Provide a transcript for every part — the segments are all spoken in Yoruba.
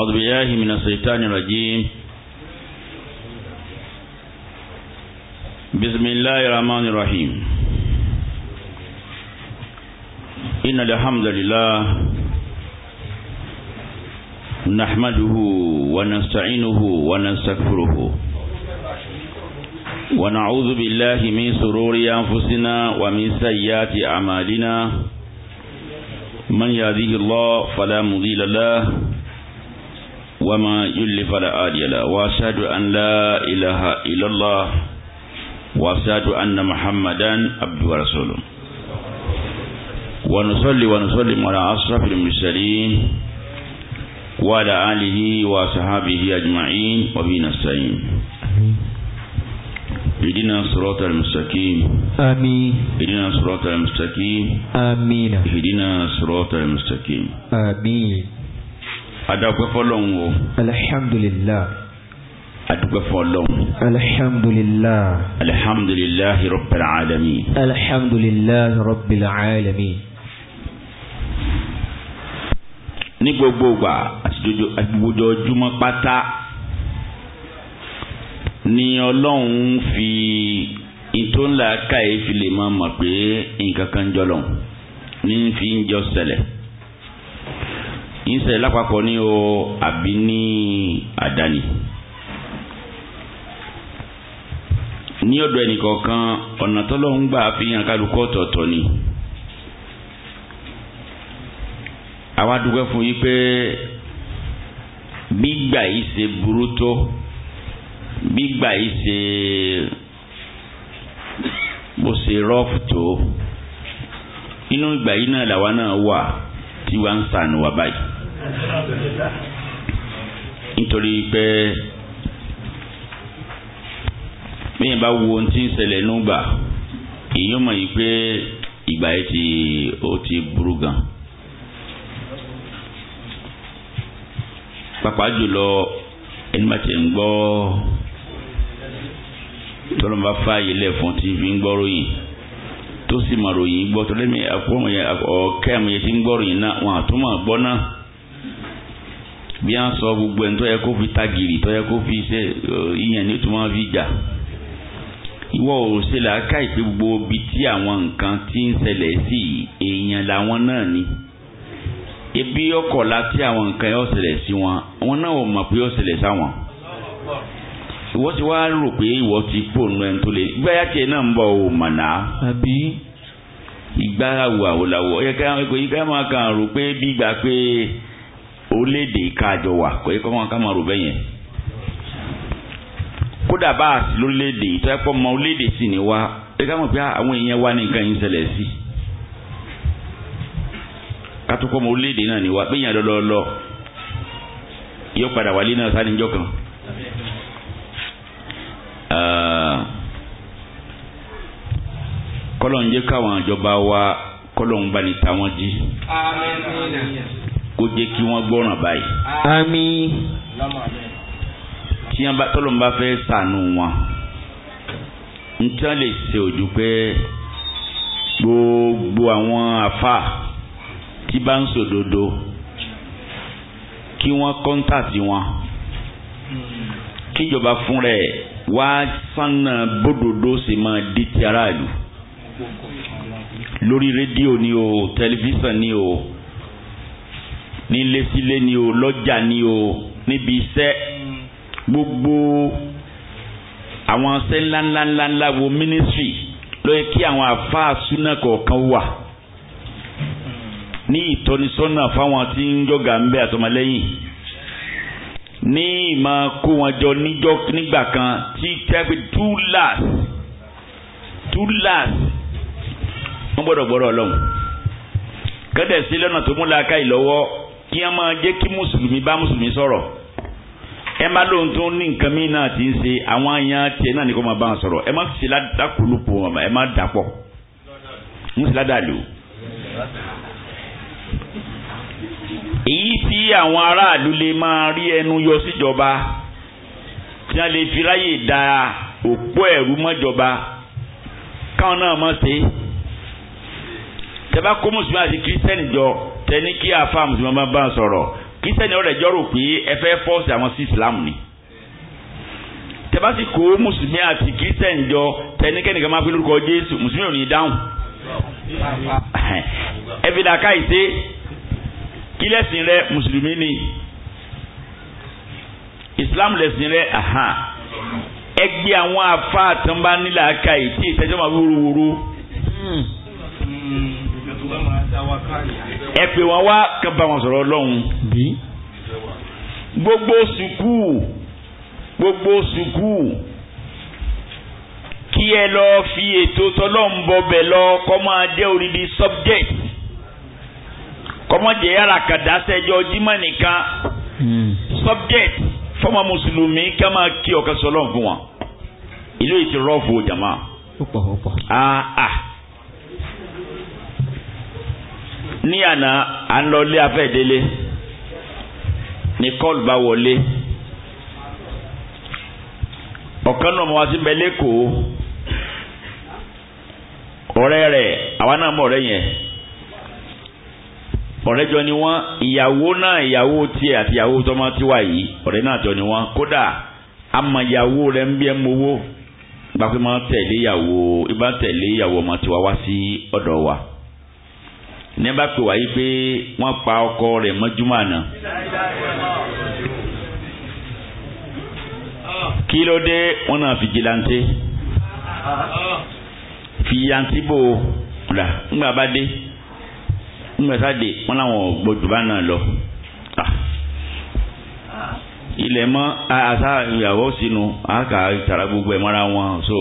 أعوذ بالله من الشيطان الرجيم بسم الله الرحمن الرحيم إن الحمد لله نحمده ونستعينه ونستغفره ونعوذ بالله من سرور أنفسنا ومن سيئات أعمالنا من يهده الله فلا مضل له وما يلف فلا هادي له واشهد ان لا اله الا الله واشهد ان محمدا عبد ورسوله ونصلي ونصلي على أصحاب المرسلين وعلى اله وصحبه اجمعين وبين نستعين اهدنا الصراط المستقيم امين اهدنا الصراط المستقيم امين اهدنا الصراط المستقيم امين adúpẹ́ fọlọ́hún o. alhamdulilah. adúpẹ́ fọlọ́hún. alhamdulilah. alhamdulilah rabbil alamin. alhamdulilah rabbil alamin. ní gbogbo gbà àtijọ́júmọ́ pátá ni ọlọ́run fi ìtò ńlá káyé fi lè máa mọ̀ pé nǹkan kan ní fi ń jọ ìṣẹ̀lẹ̀ lápapọ̀ ní o àbí ní àdáni. ní ọ̀dọ̀ ẹnìkọ̀ọ̀kan ọ̀nà tọ́lọ́ gbà fi hàn kálukọ́ ọ̀tọ̀ọ̀tọ̀ ni. àwa dúpẹ́ fún yín pé gbígbà yìí ṣe burú tó gbígbà yìí ṣe bó ṣe rọ́ọ̀fù tó inú ìgbà yìí náà làwa náà wà tí wàá ń sànù wà báyìí nítorí pé bẹ́ẹ̀ bá wo ohun tí ń ṣẹlẹ̀ nígbà èyí mọ̀ yìí pé ìgbà yìí ti ó ti burú gan. pàpà jùlọ ẹni bá ti ń gbọ́ tọ́lọ́mọba fáyé lẹ̀ fún tí fi ń gbọ́ tó sì mà ròyìn gbọ́ tó lẹ́mí ọ̀kẹ́ àmọ̀yẹ tí ń gbọ́ ròyìn náà wọn àtúmọ̀ gbọ́ náà bí a sọ gbogbo ẹni tó yẹ kó fi tagìrì tó yẹ kó fi ṣe ìyẹn ní tó máa fi jà ìwọ ò ṣe làákà ìpè gbogbo ibi tí àwọn nǹkan ti ń ṣẹlẹ̀ sí èèyàn làwọn náà ni ebi ọkọ̀ la àwọn nǹkan yóò ṣẹlẹ̀ sí wọn wọn náà ò mọ̀ pé yóò ṣẹlẹ̀ sáwọn wọ́n ti wá rò pé ìwọ ti kó nu ẹni tó lè gbáyà tiẹ̀ náà ń bọ̀ ò mọ̀nà. àbí. ìgbáyàwó àwòlàwọ̀ ẹ ká ẹ ká máa kàn rò pé bígbà pé orílẹ̀-èdè káàjọ wà pé kọ́ máa ká máa rò bẹ́yẹn. kódà bá a sí lórílẹ̀-èdè mọ orílẹ̀ sì ni wá ẹ mọ̀ pé àwọn èèyàn wá ní nǹkan yìí ṣẹlẹ̀ sí. mọ náà ni wá kọ́lọ̀ ń jẹ́ káwọn ìjọba wa kọ́lọ̀ ń bá ní tàwọn jí. kó jẹ́ kí wọ́n gbọ́ràn báyìí. àmín. tí tọ́lọ̀ ń bá fẹ́ sànù wọn n tí wọ́n lè ṣe ojú pé gbogbo àwọn àfa tí bá ń sòdodo kí wọ́n kọ́ńtà sí wọn kíjọba fúnra ẹ̀ wá sánà bódòdó sì máa di ti aráàlú lórí rédíò ni o tẹlifíṣàn ni o nílésílé ni o lọ́jà ni o níbi iṣẹ́ gbogbo àwọn iṣẹ́ ńláńláńláńlá wo mínísírì ló yẹ kí àwọn àfáà súnà kọ̀ọ̀kan wà ní ìtọ́nisọ́nà fáwọn tí ń jọ̀gà ń bẹ àtọmọlẹ́yìn ní ìmọ̀ kó wọn jọ níjọ́ nígbà kan tí tẹ́gbẹ́ túláàs túláàs wọ́n gbọ́dọ̀ gbọ́dọ̀ ọlọ́run kẹ́dẹ̀ sí lọ́nà tó múlá ká ìlọ́wọ́ kí wọ́n máa jẹ́ kí mùsùlùmí bá mùsùlùmí sọ̀rọ̀ ẹ má lóhun tó ní nǹkan mí náà ti ń ṣe àwọn èèyàn tiẹ̀ náà ní kó máa bá wọn sọ̀rọ̀ ẹ má sì ládàkùlù pọ̀ ẹ má dàpọ̀ mùsùlùmí ládàlú èyí tí àwọn aráàlú lè máa rí ẹnu yọ síjọba tí wọ́n lè fi ráyè da òpó ẹ̀rú mọ́jọba káwọn náà mọ̀ sí. tẹ́bá kó mùsùlùmí àti kírísítẹ́nì jọ tẹ́ni kí àfa mùsùlùmí máa bá sọ̀rọ̀ kírísítẹ́nì ọ̀rẹ́ jọ́rò pé ẹ fẹ́ fọ́ọ̀sì àwọn sí ìsìlámù ni tẹ́básì kó mùsùlùmí àti kírísítẹ́nì jọ tẹnikẹ́ni kan máa fi lórúkọ jésù mùsùlùmí ò ní dáhùn. ẹ̀fìdàkà ìṣe kí lẹ́sìn rẹ mùsùlùmí ni islam lẹ́sìn rẹ ahan ẹgbẹ́ àwọn afáà tán bá nílà aka yìí tí ìtẹ́jọ́ máa wúruwúru ẹ pè wọ́n wá kán bá wọn sọ̀rọ̀ ọlọ́run gbogbo sùkúù gbogbo sùkúù kí ẹ lọ fi ètò tọlọ́ǹbọ̀bẹ̀ lọ kọ́ máa jẹ́ odidi subject kọ́mọ́jẹ́ yàrá kàdásẹ́jọ́ jimá nìkan hmm. subject fọmọ mùsùlùmí kama a máa kí ọ̀kan sọlọ́ fún wọn ìlú yìí ti rọ́ọ̀fù o jàmá. ah ah ní àná à ń lọ lé afẹ́délé ní kọ́ọ̀lù bá wọlé ọ̀kan náà mo wá sí mẹ́lẹ́kọ̀ọ́ ọ̀rẹ́ rẹ̀ àwa náà mọ̀ ọ̀rẹ́ yẹn ọ̀rẹ́jọ ni wọ́n ìyàwó náà ìyàwó tiẹ̀ àti ìyàwó tọ́mọ tiwa yìí ọ̀rẹ́ náà jọ ni wọ́n kódà àmọ́ ìyàwó rẹ̀ ń bí ẹ́ mowó gba pé máa tẹ̀lé ìyàwó ibà tẹ̀lé ìyàwó ọmọ tiwa wá sí ọ̀dọ̀ wa ní bá pè wá pé wọ́n pa ọkọ rẹ̀ mọ́júmọ́ àná. kí ló dé wọn náà fi jìláńtì fi yantí bò ó rà ńgbà bá dé nígbà sáde wọn làwọn gbọdọ̀ bá náà lọ. ilẹ̀ mọ́ àṣà ìyàwó sínú àkà ìtara gbogbo ẹ̀ mọ́ra wọn so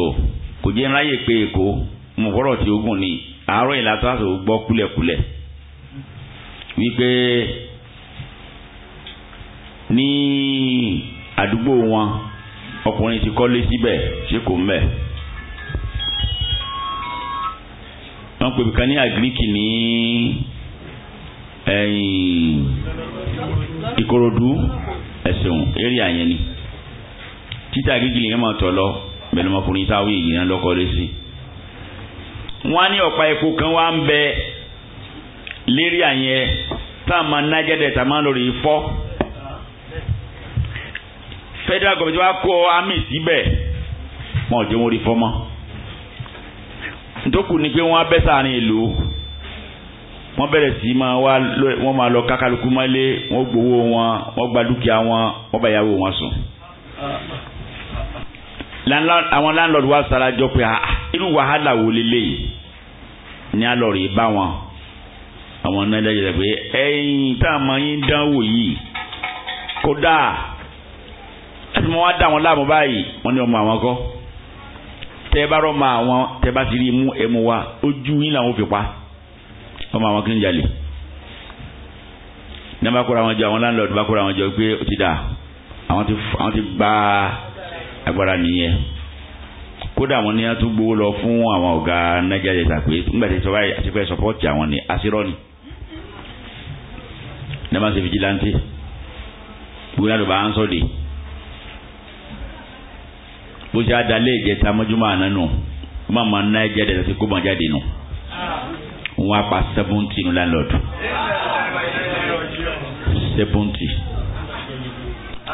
kò jẹ́ ńláyè pé èkó mo fọ́rọ̀ tí ogun ni àárọ̀ ìlà tó àṣọ gbọ́ kúlẹ̀kúlẹ̀ wípé ní àdúgbò wọn ọkùnrin ti kọ́lé síbẹ̀ ṣé kò ń bẹ̀ wọ́n pè ní àgíríkì ní ẹ̀yìn Ikorodu ẹ̀sìn eré àyẹn ni títà gígìlì yẹn máa lọ bẹ̀rẹ̀ ọmọkùnrin táwọn èyí náà sí. wọ́n ní ọ̀pá epo kan wá ń bẹ lérí àyẹn tá a máa ma fọ́. federal government wa kó wọn ò jẹ́ wọn rí fọ́ mọ́. ni pé wọ́n á wọ́n bẹ̀rẹ̀ sí máa wá wọ́n máa lọ kákàlùkù mọ́lé wọ́n gbowó wọn wọ́n gba dúkìá wọn wọ́n bá yàwó wọn sùn. àwọn landlord wa sarajọ pé ah, ah, irú wàhálà wo leléyìí ní alọ́ọ̀rì bá wọn àwọn náà dájú rẹ̀ pé ẹ̀yìn tá a máa yín dánwò yìí kódà ẹni wọn wá dá wọn láàmú báyìí wọn ní ọmọ àwọn kọ́ tẹ́ bá rọ́ mọ àwọn tẹ́ bá ti rí mú ẹmu wa ojú yín làwọn fi pa ọmọ àwọn kí ń jalè ní bá kóra wọn jọ àwọn landlord bá kóra wọn jọ pé ó ti dà àwọn ti àwọn ti gba agbára nìyẹn kódà wọn ní wọn tún gbowó lọ fún àwọn ọ̀gá nàìjíríà jẹta pé nígbà tí sọ báyìí àti pé sọpọ́ọ̀tì àwọn ni àṣírọ́ ni ní wọn ṣe fìjìláńtì gbogbo yàrá bá ń sọ de bó ṣe adalé ìjẹta mọ́júmọ́ àná nù má má ná ẹ̀jẹ̀ dẹ̀ kó má jáde nù wọ́n á pa seventy nu landlord seventy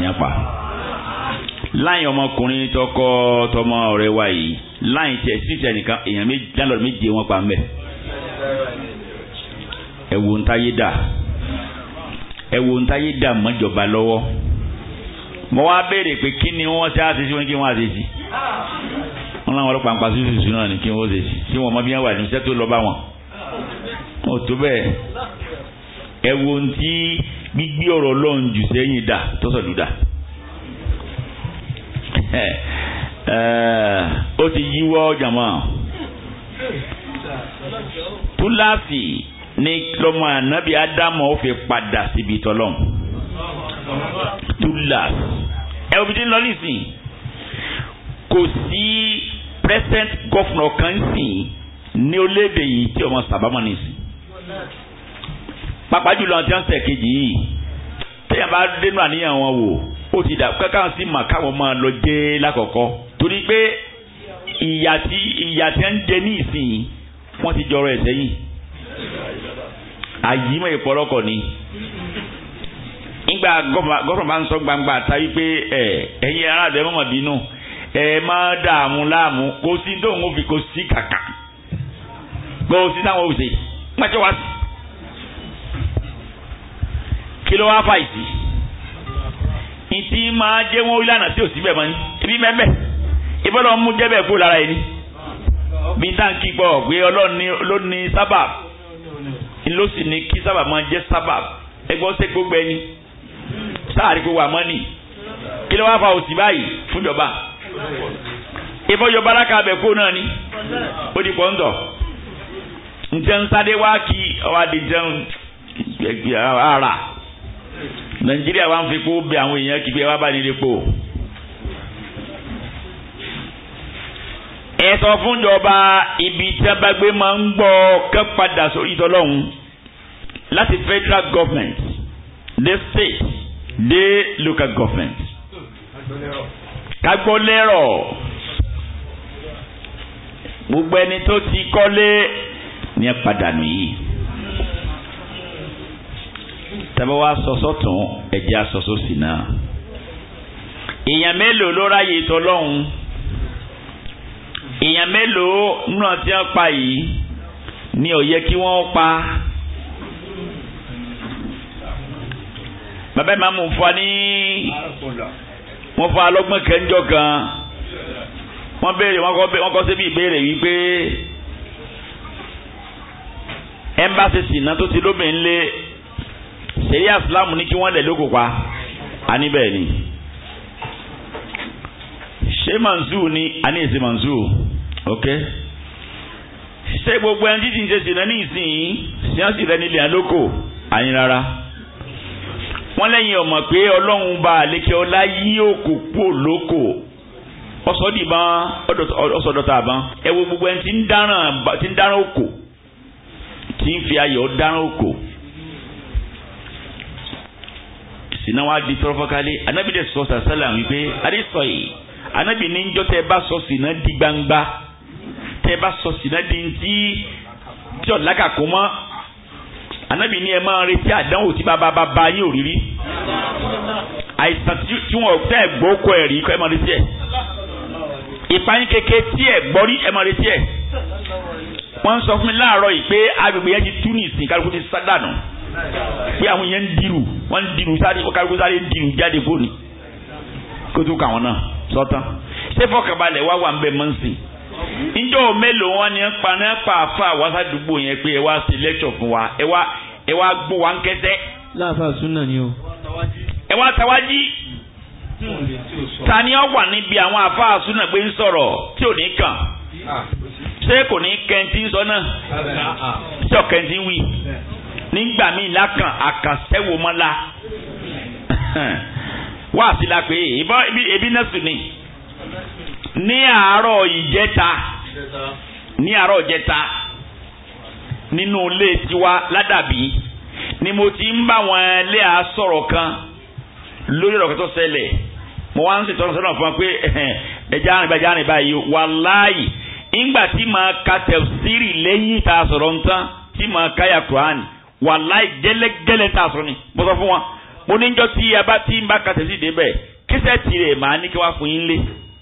yẹn pa láyìn ọmọkùnrin tọkọ tọmọ ọ̀rẹ́ wa yìí láyìn tiẹ̀ sí tiẹ̀ nìkan èèyàn méjì landlord méje wọ́n pa mbẹ ẹ wo ntáyé dà ẹ wo ntáyé dà mọ́jọba lọ́wọ́ mo wá béèrè pé kí ni wọ́n ṣe àṣeṣe wọn kí wọ́n àṣeṣe wọn làwọn ọlọ́pàá ń pa sísùsù náà ni kí wọ́n ṣe sí wọn mọ bí wọ́n wà ní iṣẹ́ tó lọ bá wọn ò tó bẹ́ẹ̀ ẹ wo ohun tí gbígbé ọ̀rọ̀ ọlọ́run jù sẹ́yìn dà tọ́sọ̀dù dà eh, ó ti yíwọ́ jàmọ́ túláàsì ní lọ́mọ ànábì ádámù ó fi padà síbi tọ́lọ́m túláàsì ẹ òbí tí ń lọ nísìn kò sí present governor kan sìn ní olédè yìí tí ọmọ sàbámọ̀ ní sí. pàápàá jùlọ àti ọ̀sẹ̀ kejì yìí téèyàn bá dénú àníyàn wọn wò ó ti dà kankan sí mà káwọn máa lọ jẹ́ lákọ̀ọ́kọ́ torí pé ìyà tí ìyà tí ń jẹ ní ìsìn wọn ti jọrọ ẹ̀ sẹ́yìn àyímọ̀ ìpọ́lọ́kọ̀ ni nígbà gọ́fọ̀n bá ń sọ gbangba ta wípé ẹ̀yin aráàlú ẹ̀ mọ̀mọ́ bínú ẹ̀ má dààmú láàmú kò sí tóun ó fi kò sí kàkà gbọ́ òsì táwọn òsè pàṣẹ wá sí. kí ló wá fà ìsì. ìtì máa jẹ́ wọn ìlànà tí ò sí bẹ́ẹ̀ mọ́ ni ibi mẹ́mẹ́ ìbọ́dọ̀ mú jẹ́bẹ̀ kú lára yìí ni. bí táǹkì gbọ́ gbé ọlọ́ni ló ní sábà ló sì ní kí sábà máa jẹ́ sábà ẹgbọ́n ṣe gbogbo ẹni sáàrí gbogbo àmọ́ nì kí ló wá fa òsì báyìí fúnjọba ìfọ̀jọba alákàbẹ̀ kó náà ni ó di pọ̀ ń tọ̀ njẹun sáré wá kí ọwọ́ adi jẹun ara nàìjíríà wa ń fi kó bẹ àwọn èèyàn kí bí ẹ wá bá nílé po. ẹ sọ fún ìjọba ibi tí a máa ń gbọ́ kẹ́ padà sórí ìtọ́lọ́hún láti federal government the state the local government. kagbọ́ lẹ́rọ̀ gbogbo ẹni tó ti kọ́lé ní ẹ̀padànù yìí tẹ́bọ̀ wá sọ́sọ́ tún ẹ̀jẹ̀ asọ́sọ́ sí náà èèyàn mélòó ló ráyè tọ́lọ́hún èèyàn mélòó náà tí wọ́n yìí ni ò yẹ kí wọ́n pa bàbá ìmọ̀ mú fún wa ní wọ́n fún wa lọ́gbọ́n kẹ́ńjọ́ kan wọ́n béèrè wọ́n kọ́ sí bí ìbéèrè wípé. ẹmbásẹsì náà tó ti lóbìnrin lé sẹ̀rí ní kí wọ́n lè lóko pa àníbẹ̀ ni ṣé ni àní èsì ok ṣé gbogbo ẹni títí ń ṣe sìnà ní ìsìn sí wọn sì rẹ wọn lẹ́yìn pé Ọlọ́run bá àlékè ọlá yí òkú lóko gbogbo ẹni ti ń dáràn tí ń fi ayọ̀ dáràn òkò sìnà wa di tọrọfọkálé anabi dẹ sọ sàṣàlà wípé adésọ yìí anabi ní njọ tẹ bá sọ sìnà di gbangba tẹ bá sọ sìnà di ntí tí ọ̀ lákàkó mọ́ anabi ní ẹ máa retí àdánwò tí bàbá bá bá yín òrírí àìsàn tí wọn tẹ ẹ gbọ́ kọ ẹ rí kọ ẹ máa retí ẹ ìpanyin kékeré tí ẹ gbọ́ rí ẹ máa retí ẹ wọ́n sọ fún mi láàárọ̀ yìí pé agbègbè yẹn ti tú ní ìsìn kálukú ti sá dànù pé àwọn yẹn ń dirù wọ́n ń dirù sáré kálukú sáré dirù jáde kó ni kó tó kà wọ́n náà sọ́tàn ṣé fọkànbalẹ̀ wá wà ń bẹ mọ́ǹsì njọ́ mélòó wọn ni paná pàápàá wá sádùúgbò yẹn pé ẹ wá sí lẹ́tọ̀ fún wa ẹ wá ẹ wá gbó wa ń kẹsẹ́. láàfáà súnà ni o. ẹ wá tawájí ta ni ọ wà níbi àwọn àfáà súnà pé ń sọ̀rọ̀ tí ò ní kàn. Ah, ṣé kò ní kẹntì sọ́nà ṣé ọ̀kẹntì wì nígbà míì lákàn àkànṣẹ́wòmọ́lá wá sí la pé ebi náà sùn ni ní àárọ̀ ìjẹta ní àárọ̀ ìjẹta nínú ilé tiwa ládàbí ni mo ti ń bá wọn ilé àásọ̀rọ̀ kan lórí ọ̀rọ̀ kan tó ṣẹlẹ̀ mo wá ń ṣètọ́nù sọ́nà fún wa pé ẹja àrìnbá ẹja àrìnbá yìí wàláyìí ìgbà tí màá ka tẹ̀síìrì lẹ́yìn tá a sọ̀rọ̀ ń tán tí màá káyà kúránì wàláì gẹ́lẹ́gẹ́lẹ́ tá a sọ̀rọ̀ ni mo sọ fún wa mo níjọ́ tí a bá tí ń bá ka tẹ̀síìrì dé kíṣẹ́ tirẹ̀ màá ní kí wá fún yín lé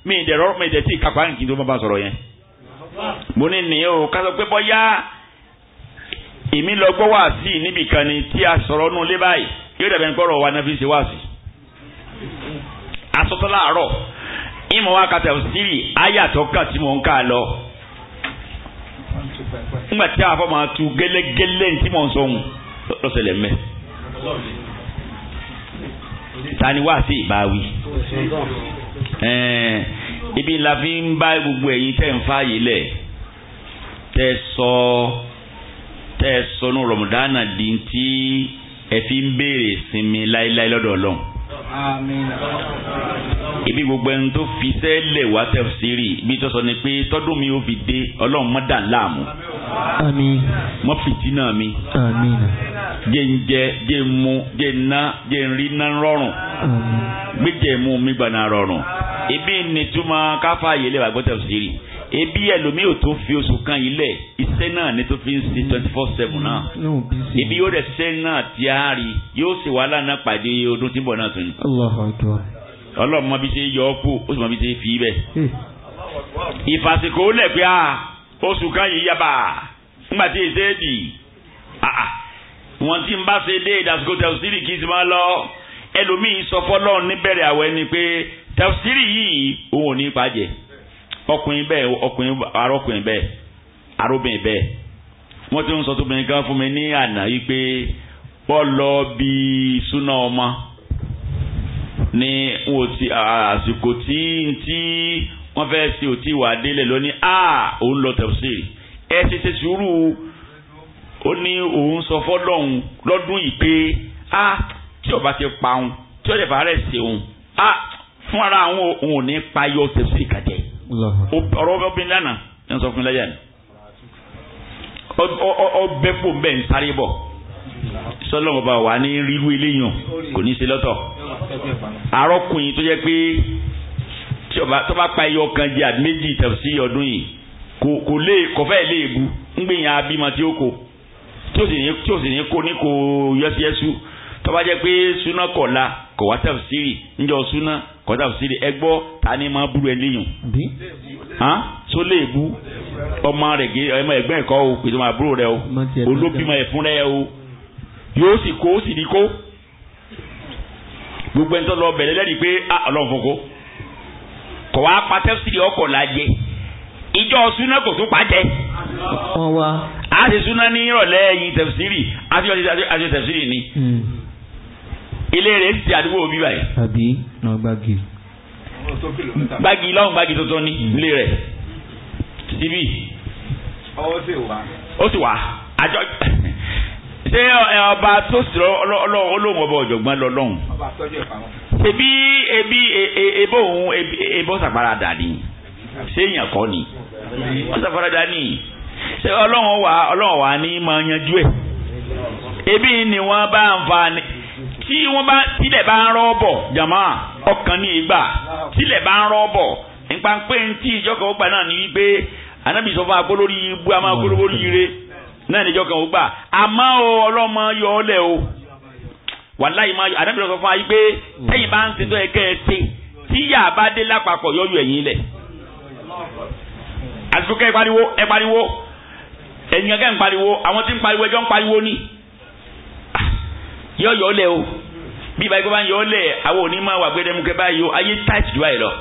mi ìdẹ̀ rọ́rùn mi ìdẹ̀ tí ìka kúránì kì í tó bá sọ̀rọ̀ yẹn. mo ní nìyẹn o ká sọ pé bọ́yá èmi lọ gbọ́ wáàsí níbì kan ni tí a sọ̀rọ̀ nù lé báyìí yóò dàbẹ̀ ń gbọ́rọ̀ wa ìmọ̀ wa kàtà òsìrì ayàtọ̀ kà tí mò ń kà lọ. nígbà tí àwọn afọmọ atu gẹ́lẹ́gẹ́lẹ́ tí mò ń sọ̀hún lọ́sẹ̀lẹ̀ mẹ́. ta wá sí ìbáwí. ibi la fi ń bá gbogbo ẹ̀yin tẹ́ ń fààyè lẹ̀ tẹ́ sọ tẹ́ sọnù rọ̀mùdánà di ti ẹ fi ń béèrè sinmi láéláé lọ́dọ̀ ọlọ́run ibi gbogbo ẹni tó fi sẹ́lẹ̀ wá tẹ̀síìrì bí tó sọ ni pé tọ́dún mi ò fi dé ọlọ́run mọ́ dà láàmú. àmín. mọ́ fìtínà mi. jẹ́ ń jẹ jẹ́ ń mu jẹ́ ń ná jẹ́ ń rí ná rọrùn. gbé jẹ́ mú mi gbà náà rọrùn. ibi nìtúmọ̀ káfá yẹlẹ́ wà gbọ́ tẹ̀síìrì ebi ẹlòmíì ò tó fi oṣù kan yìí lẹ̀ iṣẹ́ náà ni tó fi ń ṣe twenty four seven náà ebi yóò dẹ̀ ṣiṣẹ́ náà ti a rí yóò ṣe wàhálà náà pàdé ọdún tí ń bọ̀ náà tún ni. ọlọ́run mọ bí ṣe yọ ọ́ kú ó sì bí ṣe fi í ìfàsìkò lẹ̀ pé a oṣù kan yìí yaba nígbà tí èsè dì wọ́n ti ń bá ṣe dé ìdásíkò tẹ̀síìrì kì í sì máa lọ ẹlòmíì sọ fọlọ́run níbẹ̀rẹ̀ àwẹ̀ ni pé tẹ̀síìrì yìí òun ò ní pàjẹ́ ọkùnrin bẹ́ẹ̀ ọkùnrin arọ́kùnrin bẹ́ẹ̀ arọ́bìnrin bẹ́ẹ̀ wọ́n ti ń sọ tó bìnrin kan fún mi ní àná yìí pé bọ́ọ̀lọ́ bí súná ọmọ ni wò ti àsìkò tí tí wọ́n fẹ́ ṣe òtí wà délẹ̀ lónìí a òun lọ tẹ̀sí ẹ ti ṣe sùúrù ó ní òun sọ fọ́lọ́hún lọ́dún yìí pé a tí ọba ti pa òun tí ọjà bá ṣe òun a fún ara àwọn òun ò ní payọ tẹ̀sí kàjẹ́ ọ̀rọ̀ obìnrin lánàá ẹ̀ ń sọ fún lẹ́yà ni ọbẹ̀ pò ń bẹ̀ ń sáré bọ̀ sọlọ́wọ́ bá wà ní rírú eléyàn kò ní í ṣe lọ́tọ̀ arọ́kùnrin tó jẹ́ pé tó bá pa ẹyọ kan jẹ àbí méjì tàbí sí ọdún yìí kò lè kọfẹ́ lè bu ńgbìyàn abímọ tí ó kò tí ó sì ní kó ní kò yọsíẹsú tó bá jẹ́ pé súná kọ̀la kò wá tàbí sírì níjọ súná kọjá òsèré ẹgbọ́ ta ni máa búrú ẹ léyìn. hàn so léèbú ọmọ rẹ̀ gé ọmọ ẹgbẹ́ ẹ̀kọ́ o pèsè ọmọ àbúrò rẹ o olóbìmọ̀ ẹ̀ fún rẹ o yóò sì kó ó sì ní kó gbogbo ẹni tó lọ bẹ̀rẹ̀ lẹ́rìí pé ah, ọlọ́run fún kó kọ̀ wá pàtẹ́ sí ọkọ̀ lajẹ ìjọ súná kò tún pàjẹ́. a ti súná ní ìrọ̀lẹ́ yìí tẹ̀síìrì a ti yọ tẹ̀síìrì ni. Hmm ilé rẹ̀ sì ti àdúgbò òbí báyìí. àbí náà gbági. gbági lọ́hùn gbági tuntun ní ilé rẹ̀ síbí. ó sì wà. ó sì wà àjọ ṣé ọba tó sọ olóhùn ọba ọ̀jọ̀gbọ́n lọ lọ́hùn. ebi ebi e, e, ebo òun ebo sàpárà dà ní séèyàn ni wọ́n sàpárà dà ní ṣé ọlọ́run wà ọlọ́run wà ní máa yanjú ẹ̀ ebi ni wọ́n bá ń fa tí wọ́n bá tílẹ̀ bá ń rọ́ bọ̀ jàmá ọkàn ní ìgbà tílẹ̀ bá ń rọ́ bọ̀ nípa pé ntí ìjọkọ̀ ó gbà náà ní wípé anábì sọ fún akó lórí ibú a máa kó lórí ire náà ní ìjọkọ̀ ó gbà àmọ́ o ọlọ́mọ yọ ọ́ lẹ̀ o wàláyé máa anábì sọ fún ayé pé tẹ́yìn bá ń ṣe tó yẹ kẹ́ ẹ ṣe bá dé lápapọ̀ yọ̀yọ̀ ẹ̀yìn lẹ̀ àtúkẹ́ ẹ pariwo ẹ pariwo ẹ̀yìn yọ yọ lẹ o bí ibà yìí kó bá ń yọ lẹ àwọn òní máa wà gbẹdẹmukẹ báyìí o ayé tight ju báyìí lọ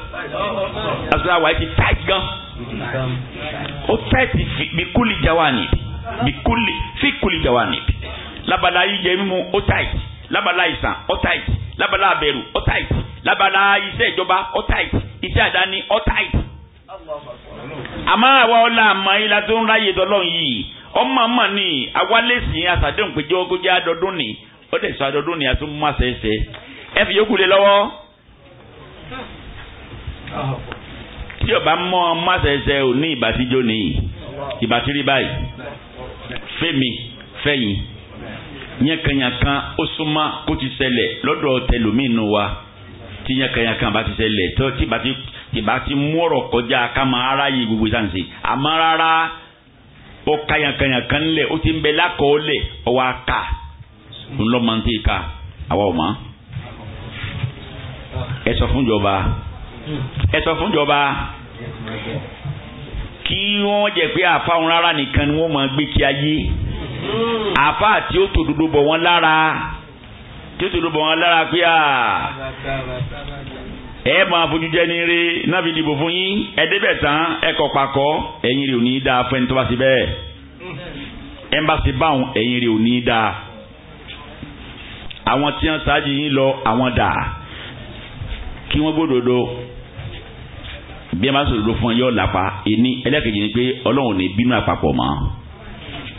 asọ́nà àwọn ti tight gan o tight bí kúlì jawani bí kúlì fi kúlì jawani labala yìí jẹ mímu o tight labala ìsàn o tight labala abẹ̀rù o tight labala iṣẹ́ ìjọba o tight iṣẹ́ àdáni o tight àmọ́ àwa ọlá àmọ́ ilá tó ń ráyè dọ́lọ́run yìí ọmọ ọmọ ni awálẹ̀sìn àsàdéhùn péjọ ogójì àdọ́dún ni ó dẹ̀ sọ adọdún ni àti mú àṣẹṣe ẹ fi yókù lé lọ́wọ́ tí o bá mọ máṣẹṣẹ ò ní ìbátijó ni ìbátírí báyìí fẹmi fẹyìn yankanyankan ó súnmọ́ kó ti ṣẹlẹ̀ lọ́dọ̀ tẹlómìnú wa tí yankanyankan bá ti ṣẹlẹ̀ tó tí bá ti ìbá ti mú ọ̀rọ̀ kọjá ká ara yìí gbogbo ìsànsì àmọ́ rárá ó ka yankanyankan lẹ̀ ti ń bẹ lákọ̀ọ́lẹ̀ ọwọ́ aka ńlọ́mọ̀ntì ká àwa ò mọ̀ ẹ sọ fún ìjọba ẹ sọ fún ìjọba kí wọ́n jẹ́ pé àfa rárá nìkan ni wọ́n máa gbé kí ayé àfa àti ó tòdodo bọ̀ wọ́n lára tí ó tòdodo bọ̀ wọ́n lára pé à ẹ máa fojú jẹ ní rí náà fi dìbò fún yín ẹ tán ẹ kọ̀ pakọ́ ẹ̀yin rẹ̀ ò ní í dáa fún ẹni tó bá ti bẹ́ẹ̀ ẹ bá ti báwọn ẹ̀yin rẹ̀ ò ní í dáa àwọn tí wọ́n ṣáájú yín lọ àwọn dà kí wọ́n gbódòdó bí wọ́n bá sòdodo fún ọ yóò lápá ẹni ẹlẹ́kejì ni pé ọlọ́run ní bínú àpapọ̀ mọ́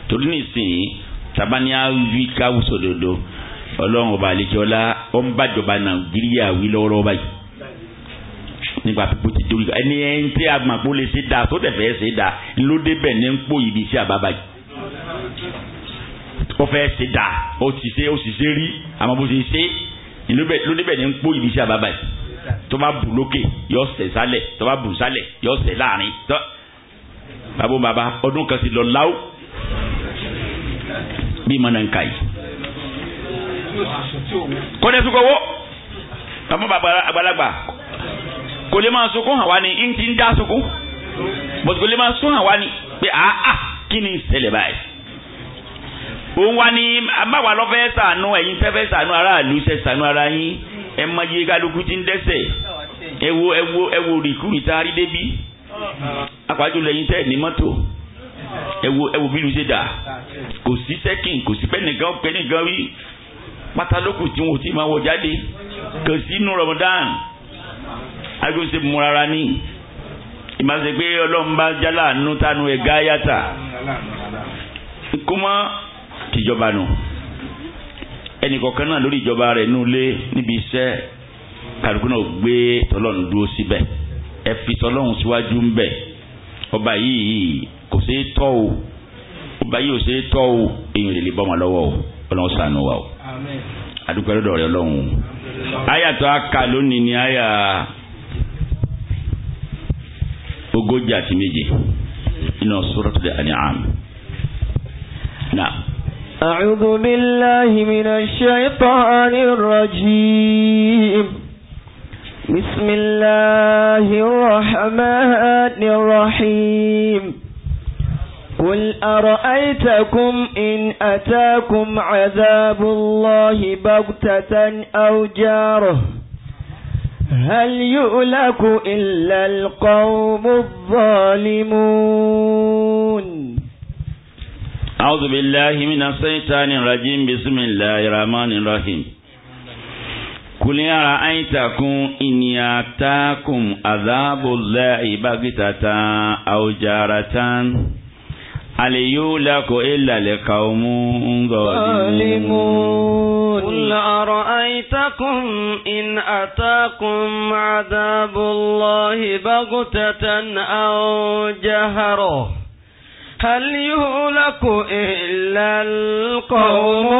torí nìsín tabaniya wí ká sòdodo ọlọ́run ọba àlejòọ́lá ó ń bàjọba nàìjíríà wí lọ́wọ́lọ́wọ́ báyìí nípa pípọ́ ti dórí ẹni ẹni tí a mọ̀ pé ó lè ṣe dáa tó tẹ̀ ṣe dáa ló débẹ̀ ní ń pò yìí bí iṣẹ́ àbá báyìí ó fẹ́ ṣe dà ó sì ṣe ó sì ṣe rí àmọ́ bó ṣe ṣe lóníbẹ̀ ní ń pò ìdí sí àbábà yìí tó bá bù lókè yọ sẹ̀ sálẹ̀ tó bá bù sálẹ̀ yọ sẹ̀ láàrin tó bàbá bàbá ọdún kan sì lọ láwù bí mọ̀nà ń ka yìí. kọ́ni ẹ̀sùn kọ́wọ́ àmọ́ bàbá àgbàlagbà kò lè máa sunkún hàn ni ń ti ń dá sunkún bọ̀dù kò lè máa sún hàn ni pé àá kí ni ìṣẹ̀lẹ̀ báyìí òun wá ní báwa lọ fẹ́ sànú ẹ̀yin fẹ́ fẹ́ sànú aráàlú ṣe sànú ara yín ẹ mọ iye kálukú ti ń dẹ́sẹ̀ ẹ wo ẹ wo ẹ wo rìkúrì tá a rí débi apájú lẹ́yìn tẹ́ ní mọ́tò ẹ wo ẹ wo bí lu ṣe dà kò sí sẹ́kìn kò sí pẹ́nìkan pẹ́nìkan rí pátálókù tí wọn ò tí máa wọ jáde kò sí inú Ramadan agbóhùnsẹ̀ múrara ní ìmọ̀ọ́sẹ̀ pé ọlọ́run bá jálà nù tánu ẹ̀ gáyàtà kó mọ́ tìjọba nù ẹnìkọ̀ọ̀kan náà lórí ìjọba rẹ̀ nulẹ̀ níbi iṣẹ́ kálukú náà gbé tọlọ́run dúró síbẹ̀ ẹ fi tọlọ́run síwájú ń bẹ̀ ọba yìí kò ṣeé tọ́ o ọba yìí ò ṣeé tọ́ o èyàn lè lè bọ́ ọmọ lọ́wọ́ o ọlọ́run ṣàánú wa o àdúgbò ẹ̀rọ̀dọ̀ rẹ̀ ọlọ́run o. ayàtọ̀ aka lónìí ni àyà ogójì àti méje iná Suratul An'am náà. أعوذ بالله من الشيطان الرجيم بسم الله الرحمن الرحيم قل أرأيتكم إن أتاكم عذاب الله بغتة أو جاره هل يؤلك إلا القوم الظالمون أعوذ بالله من الشيطان الرجيم بسم الله الرحمن الرحيم قل يا رأيتكم إن يأتاكم عذاب الله بغتة أو جارة هل يولك إلا لقوم ظالمون قل أرأيتكم إن أتاكم عذاب الله بغتة أو جهره هل يهلك إلا القوم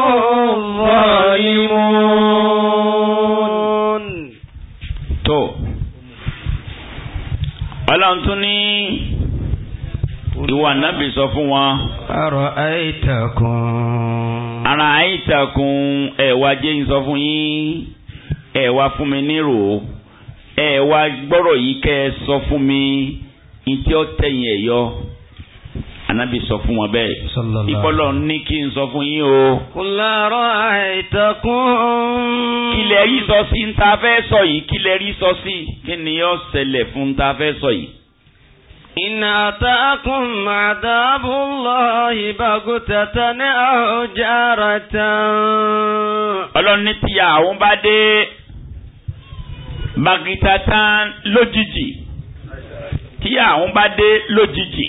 الظالمون tó ọlọ́run tún ìwà nábì sọ fún wọn. àrò àìtàkùn. ara àìtàkùn ẹ̀wà jẹ́ sọ fún yín ẹ̀wà fún mi nírò ẹ̀wà gbọ́rọ̀ yìí kẹ́ sọ fún mi ní anabi sọ fún wọn bẹ́ẹ̀ ìkọlọ ní kí n sọ fún yín o. kùlárọ̀ àìtọ́kùn. kílẹ̀ rí sọ sí ń ta fẹ́ sọ yìí kílẹ̀ rí sọ sí kí ni yóò ṣẹlẹ̀ fún ta fẹ́ sọ yìí. إن أتاكم عذاب الله بغتة أو جارة. ọlọ́run ní tí àwọn bá dé bàgìtà tán lójijì tí àwọn bá dé lójijì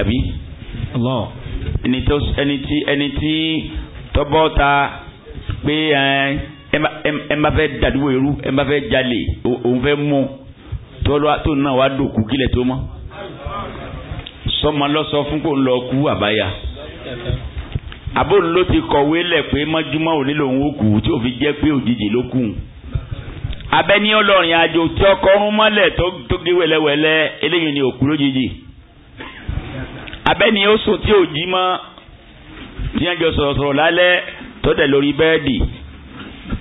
àbí. ẹni tó ẹni tí ẹni tí tọ́bọ̀ ta pé ẹ má fẹ́ dàdúgbò irú ẹ má fẹ́ jalè òun fẹ́ mú tọ́lọ́ tó náà wá dòkú kílẹ̀ tó mọ́ sọmọ lọ́sọ fún kò ń lọ kú àbáyà àbò ló ti kọ̀wé lẹ̀ pé mọ́júmọ́ òní lòun ó kù tí ò fi jẹ́ pé òjijì ló kù abẹ́ni ọlọ́rin àjò tí ọkọ̀ ọ̀run mọ́lẹ̀ tó gé wẹ́lẹ́wẹ́lẹ́ eléyìí ni òkú lójijì abẹ́ni ó sùn tí ò jí mọ́ tí wọ́n jọ sọ̀rọ̀ sọ̀rọ̀ lálẹ́ tó dẹ̀ lórí bẹ́ẹ̀dì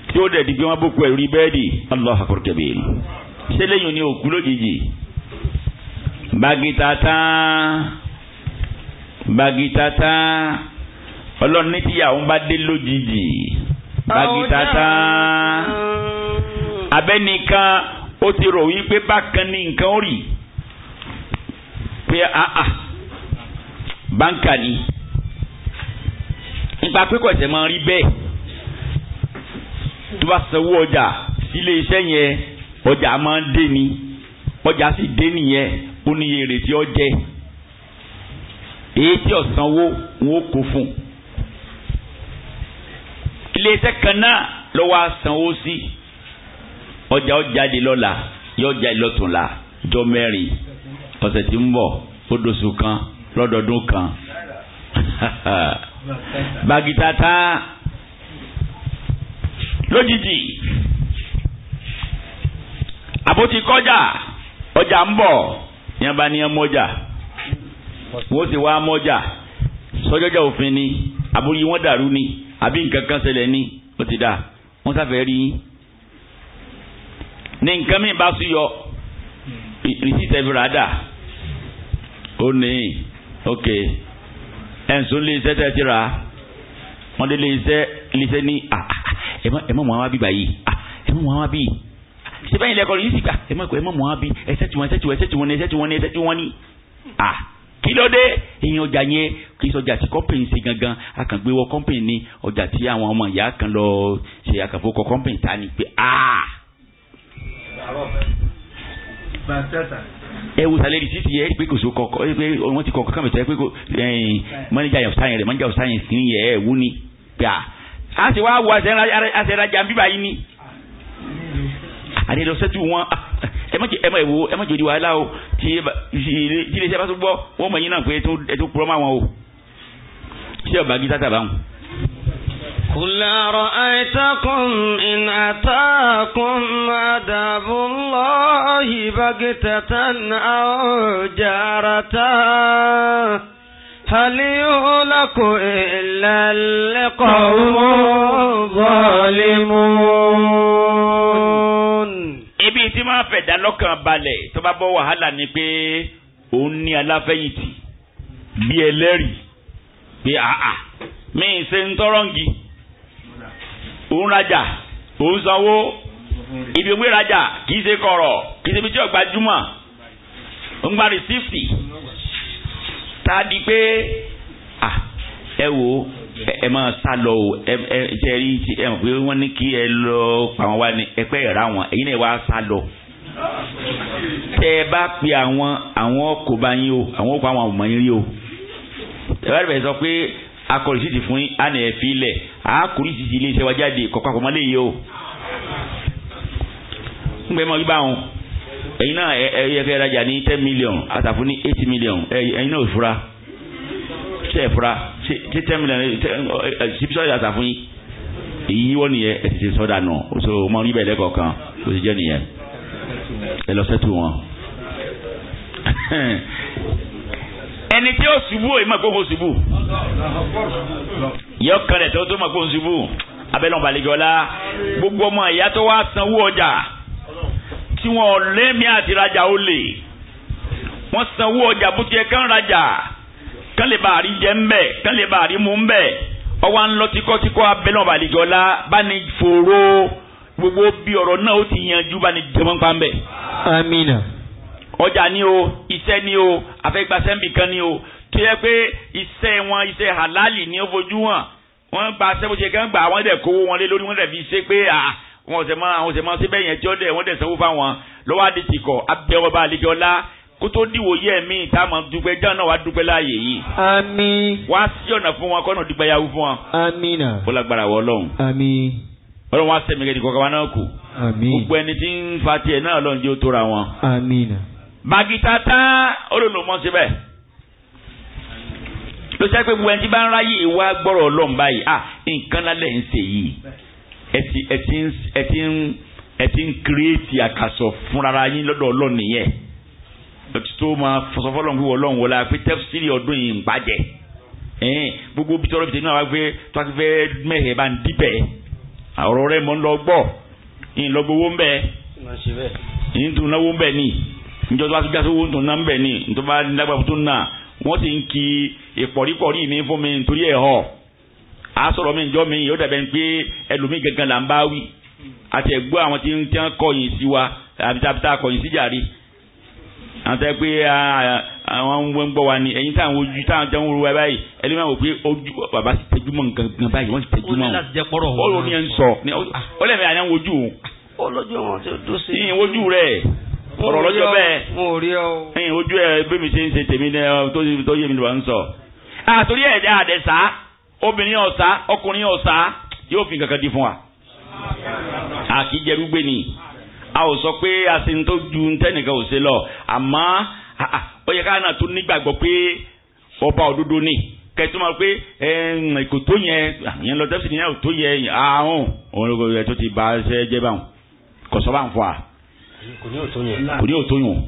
tí ó dẹ̀ di pé wọ́n bó pẹ̀lú rí bẹ́ẹ̀dì allah akbar kabir ṣé lẹ́yìn ni òkú lójijì bagita tán bagita tán ọlọ́run ní tíyàwó bá dé lójijì bagita tán abẹ́nìkan ó ti rò wípé bákan ní nǹkan ó rì pé ah ah báńkà ni nípa pé kọ̀jẹ̀ máa rí bẹ́ẹ̀ tó bá sanwó ọjà sílé iṣẹ́ yẹn ọjà máa ń dé ni ọjà sì dé nìyẹn ó ní èrè tí ó jẹ èyí tí ọ̀sánwó ń ó kó fún ilé iṣẹ́ kan náà lọ́wọ́ àsanwó sí ọjà ọjà di lọ́la yọjà ìlọ́tùnla jọ mẹ́rin ọ̀sẹ̀ tí ń bọ̀ ó dosù kan lọ́dọọdún kan bagitata lójijì àbótí kọjá ọjà ń bọ̀ yẹn bá ní ọmọjà wọ́n sì wá ọmọjà sọ́jọ́jà òfin ni àbúrí wọn dàrú ni àbí nǹkan kan ṣẹlẹ̀ ni ó ti dà wọ́n sáfẹ́ rí yín nǹkan mi bá sùn yọ rìsí tẹ̀fìrà dà ó ní ok ẹ̀sùn lè iṣẹ́ tẹ́ ti rà á wọ́n dé lè iṣẹ́ lè iṣẹ́ ní ah, ah, ah, ẹ mọ̀ mọ́ wá bí báyìí ẹ mọ̀ mọ́ wá bí ṣe báyìí lẹ́kọ̀ọ́ yìí sì gbà ẹ mọ̀ mọ́ wá bí ẹsẹ̀ tí wọ́n ẹsẹ̀ tí wọ́n ẹsẹ̀ tí wọ́n ní ẹsẹ̀ tí wọ́n ní ẹsẹ̀ tí wọ́n ní kí ló dé ìyẹn ọjà yẹn kì í sọjà tí kọ́mpìn ṣe gangan akàngbéwọ kọ́mpìn ni ọjà tí àwọn ọmọ ìyá kan lọ ṣe akànfọkọ kọ́mpìn ta ni pé aaa ẹ wo sàlẹ̀ rìsí ti yẹ ẹ pé kò so kọkọ ẹ pé wọ́n ti kọkọ kàmẹ́tẹ́ pé kò manager of science rẹ̀ manager of science ni yẹ ẹ wú ni gbà á sì wá wo àṣẹrajà bíbá yìí ni àdìlọsẹ́tù wọn ẹ má jẹ ẹ má wo ẹ má jòdì wàhálà o tí ilé iṣẹ́ bá tó gbọ́ wọ́n mọ̀ yín náà pé ẹ tó kúrọ́ máa wọn o ṣé ọba gíga tàbá wọn. قل أرأيتكم إن أتاكم عذاب الله بغتة أو جارة هل يهلك إلا القوم ظالمون ibi tí máa fẹ̀dá lọ́kàn balẹ̀ tó bá wàhálà ni pé òun ní aláfẹ̀yìntì bí ẹlẹ́rìí òun rajà òun sanwó ibi ìwé rajà kìí ṣe kọ̀rọ̀ kìí ṣe ibi tí ọ̀gbà júmọ̀ ń gba rìsífì tá a di pé ẹ wò ó ẹ máa sá lọ o ẹ ẹ jẹ rí ẹ mọ̀ pé wọ́n ní kí ẹ lọ pa àwọn wa ni ẹ pẹ́ ra wọn èyí náà wàá sá lọ. tẹ ẹ bá pe àwọn àwọn kò bá yín o àwọn kò àwọn ọmọ yín rí o. ẹ bá rẹ̀ sọ pé akọ̀lùsíìtì fún yín àná ẹ̀ fi ilẹ̀ àákùrí ìsìsì ilé iṣẹ́ wa jáde kọ̀ọ̀kan kò mọ́ lè yẹ o. ń gbẹ́ mọ́ rí báwọn ẹ̀yin náà ẹ̀yẹ fẹ́ rajà ní ten million àtàfún ní eight million ẹ̀yin náà fura ṣe é fura ṣe ten million ṣíṣọ́ àtàfún yín èyí wọ́n nìyẹn ẹ̀ ti ṣe sọ́dà nù so mọ́ rí bẹ̀rẹ̀ kọ̀ọ̀kan ó ti jẹ́ nìyẹn ẹ lọ sẹ́tù ẹni tí ó ṣubú èyí mọ̀ pé òun ṣubú yọ kalẹ̀ tó tó mọ̀ pé òun ṣubú abẹ́lẹ́ ọ̀bàlẹ́jọ́lá gbogbo ọmọ ìyá tó wá sanwó ọjà tí wọ́n lẹ́mí àti rajà ó lè wọ́n sanwó ọjà bó ti yẹ kán rajà kán lè bá àrí jẹ ńbẹ kán lè bá àrí mu ńbẹ ọwọ́ ń lọ tíkọ́tíkọ́ abẹ́lẹ́ ọ̀bàlẹ́jọ́lá bá ní fòró gbogbo bí ọ̀rọ̀ náà ó ti yanjú bá ní jẹmọ́ pa ńbẹ. amina ọjà ni o iṣẹ́ ni o àfẹ́gbàsẹ́ǹbì kan ni o tó yẹ pé iṣẹ́ wọn iṣẹ́ halali ni ó fojú hàn wọ́n gba sẹ́wọ́sẹ̀ kan gbà wọ́n dẹ̀ kówó wọn lé lórí wọ́n dẹ̀ fi ṣe pé à wọn ò sẹ́ máa àwọn ò sẹ́ máa ṣe bẹ́ẹ̀ yẹn tí ó dẹ̀ wọ́n dẹ̀ sanwó fáwọn lọ́wọ́ àdìsíkọ̀ abẹ́wọ́ba àlejò ọlá kó tó dìwò yẹ mí tá a máa dúpẹ́ jẹ́ ọ̀nà wa dúpẹ́ láàyè yìí. àmín. wá sí ọ̀nà fún wọn kọ́nà dúpẹ́ yahoo fún wọn. àmín na. ó lágbára wọ ọlọ́run. àmín. ọlọ́run wá sẹ́mi kẹ́ni kọ́kọ́ wa náà kù. àmín. gbogbo ẹni tí ń fa tiẹ̀ náà ọlọ́run jẹ́ ó tóra wọn. àmín na. Bagitata, tán ó lè lò mọ́ síbẹ̀ ló jẹ́ pé gbogbo ẹni tí bá ń ráyè wá gbọ́rọ̀ ọlọ́run báyìí à nǹkan lálẹ́ ń ṣe yìí ẹ ti ń kírètì àkàsọ̀ fúnra yín lọ́dọ̀ ọlọ́run nìyẹn tó máa fọsọ fọlọ́n pé ọlọ́run wọlé pé tẹ́fsírì ọdún yìí ń bàjẹ́ ẹ̀ẹ́n gbogbo bí tọrọ bìtẹ́ náà wá pé tó a ti fẹ́ mẹ́hẹ̀ bá ń dìbẹ̀ ọ̀rọ̀ rẹ̀ mọ́ ń lọ gbọ́ ń ń bẹ́ẹ̀ ń ń bẹ́ẹ̀ nìyí níjọ́ tó bá tún jásó owó tó ná ń bẹ̀ ni tó bá lágbàá tó ná wọ́n ti ń ki ìpọ̀rípọ̀rí mi fún mi nítorí ẹ̀ họ a sọ̀rọ̀ mi ìjọ mi yóò dàbẹ̀ pé ẹlòmíì gangan là ń bá wí àti ẹ̀gbọ́n àwọn tí ń kọ̀yìn sí wa àbí tá a kọ̀yìn sí jàre àwọn tẹ́ pé àwọn ń gbọ́ wa ni ẹ̀yin táwọn ojú táwọn jẹun ru wa báyìí ẹni máa wò pé ojú bàbá sì tẹ́jú mọ́ nǹkan gan báyìí wọ́n sì tẹ́jú mọ́ òun ó lóun yẹn ń sọ ó lẹ́mìí àná wojú òun ó lójú wọn tó ṣe ìyẹn wojú rẹ̀ ọ̀rọ̀ lọ́jọ́ bẹ́ẹ̀. mo rí ọ. ẹyin ojú ẹ bí mi ṣe ń ṣe tèmi ní tó yé mi lọ́wọ́ ń sọ. àtúrí ẹ̀dá àdẹ̀sá obìnrin ọ̀sá ọkùnrin ọ̀sá yóò fi kankan di fún wa. a jẹ gbígbé ni a ò sọ pé a ṣe ń tó ju tẹnìkan ò ṣe lọ àmọ́ ó yẹ ká náà tún nígbàgbọ́ pé ọba òdodo ni kẹtù máa pé kò tó yẹ yẹn lọ tẹ́sí ni yẹn ò tó yẹ àrùn òun ló tó ti ba ṣe jẹ́ báwọn kò bá ń fọ à kò ní òtó yùn. kò ní òtó yùn.